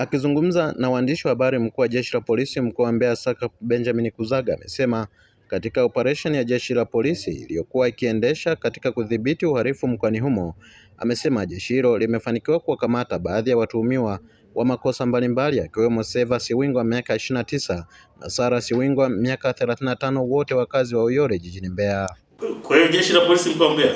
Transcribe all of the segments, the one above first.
Akizungumza na waandishi wa habari, mkuu wa jeshi la polisi mkoa wa Mbeya SACP Benjamin Kuzaga amesema katika operesheni ya jeshi la polisi iliyokuwa ikiendesha katika kudhibiti uhalifu mkoani humo, amesema jeshi hilo limefanikiwa kuwakamata baadhi ya watuhumiwa wa makosa mbalimbali akiwemo Seva Siwingwa miaka 29 na tisa na Sara Siwingwa miaka 35 na tano wote wakazi wa Uyole jijini Mbeya. Kwa hiyo jeshi la polisi mkoa wa Mbeya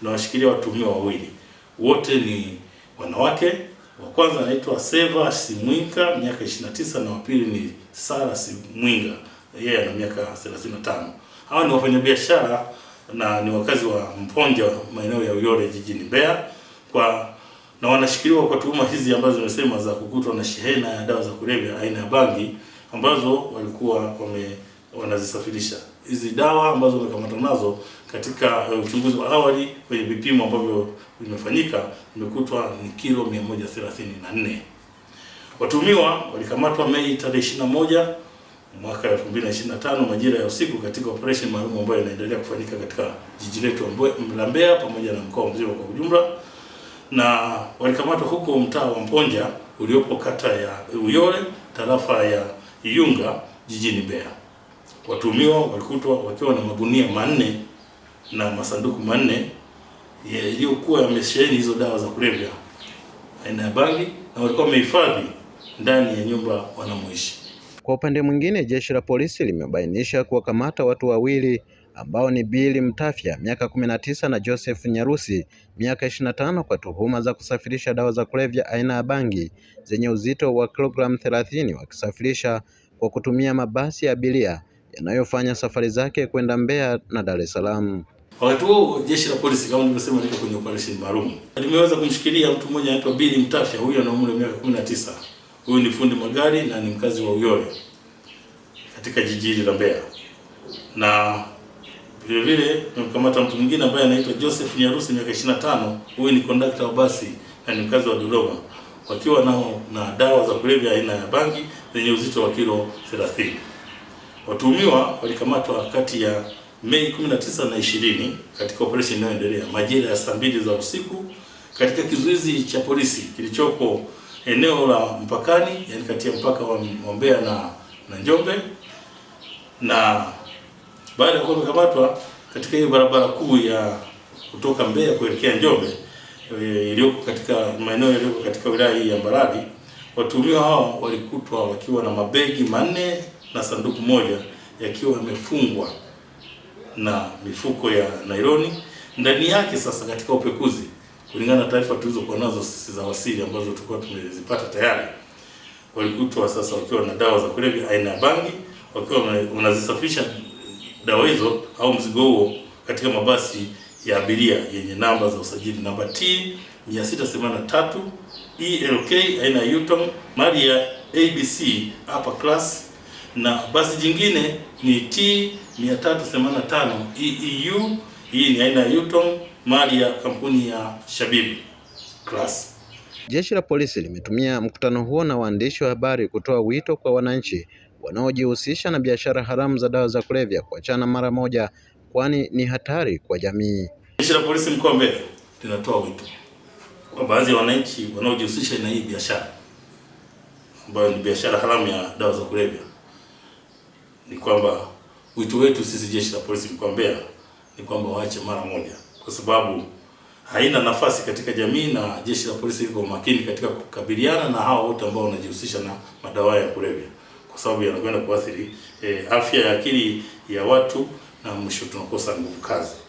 linawashikilia watuhumiwa wawili, wote ni wanawake wa kwanza anaitwa Seva simwinga miaka 29 na wa pili ni Sara Simwinga yeye yeah, ana miaka 35. Hawa ni wafanyabiashara na ni wakazi wa Mponja maeneo ya Uyole jijini Mbeya kwa na wanashikiliwa kwa tuhuma hizi ambazo zimesema za kukutwa na shehena ya dawa za kulevya aina ya bangi ambazo walikuwa wame wanazisafirisha hizi dawa ambazo wamekamata nazo katika eh, uchunguzi wa awali kwenye vipimo ambavyo vimefanyika imekutwa ni kilo 134. Watumiwa walikamatwa Mei tarehe 21 mwaka 2025 majira ya usiku katika operation maalum ambayo inaendelea kufanyika katika jiji letu la Mbeya pamoja na mkoa mzima kwa ujumla, na walikamatwa huko mtaa wa Mponja uliopo kata ya Uyole tarafa ya Iyunga jijini Mbeya watumiwa walikutwa wakiwa na magunia manne na masanduku manne yaliyokuwa yamesheheni hizo dawa za kulevya aina ya bangi na walikuwa wamehifadhi ndani ya nyumba wanamoishi. Kwa upande mwingine, jeshi la polisi limebainisha kuwakamata watu wawili ambao ni bili Mtafya miaka kumi na tisa na Joseph Nyarusi miaka 25 na tano kwa tuhuma za kusafirisha dawa za kulevya aina ya bangi zenye uzito wa kilogramu thelathini wakisafirisha kwa kutumia mabasi ya abiria yanayofanya safari zake kwenda Mbeya na Dar es Salaam. Wakati huo jeshi la polisi kama nilivyosema, liko kwenye operesheni maalum. Limeweza kumshikilia mtu mmoja anaitwa Bili Mtafya, huyu ana umri wa miaka 19. Huyu ni fundi magari na ni mkazi wa Uyole katika jiji hili la Mbeya, na vile vile tumemkamata mtu mwingine ambaye anaitwa Joseph Nyarusi, miaka 25. Huyu ni kondakta wa basi na ni mkazi wa Dodoma, wakiwa nao na dawa za kulevya aina ya bangi zenye uzito wa kilo 30. Watuhumiwa walikamatwa kati ya Mei 19 na 20 katika operesheni inayoendelea majira ya saa mbili za usiku katika kizuizi cha polisi kilichoko eneo la mpakani, yani kati ya mpaka wa Mbeya na, na Njombe. Na baada ya kuwa wamekamatwa katika hiyo barabara kuu ya kutoka Mbeya kuelekea Njombe e, iliyoko katika maeneo yaliyoko katika wilaya hii ya Mbarali, watuhumiwa hao walikutwa wakiwa na mabegi manne na sanduku moja yakiwa yamefungwa na mifuko ya nailoni ndani yake. Sasa katika upekuzi, kulingana na taarifa tulizokuwa nazo sisi za wasili ambazo tulikuwa tumezipata tayari, walikutwa sasa wakiwa na dawa za kulevya aina ya bangi, wakiwa wanazisafisha dawa hizo au mzigo huo katika mabasi ya abiria yenye namba za usajili namba T 683 ELK aina ya Yutong mali ya ABC upper class na basi jingine ni T 385 EEU. Hii ni aina ya Yutong, mali ya kampuni ya shabib Class. Jeshi la polisi limetumia mkutano huo na waandishi wa habari kutoa wito kwa wananchi wanaojihusisha na biashara haramu za dawa za kulevya kuachana mara moja, kwani ni hatari kwa jamii. Jeshi la polisi mkoa wa Mbeya linatoa wito kwa baadhi ya wananchi wanaojihusisha na hii biashara ambayo ni biashara haramu ya dawa za kulevya ni kwamba wito wetu sisi jeshi la polisi mkoa Mbeya ni kwamba waache mara moja, kwa sababu haina nafasi katika jamii, na jeshi la polisi liko makini katika kukabiliana na hao wote ambao wanajihusisha na madawa ya kulevya, kwa sababu yanakwenda kuathiri eh, afya ya akili ya watu na mwisho tunakosa nguvu kazi.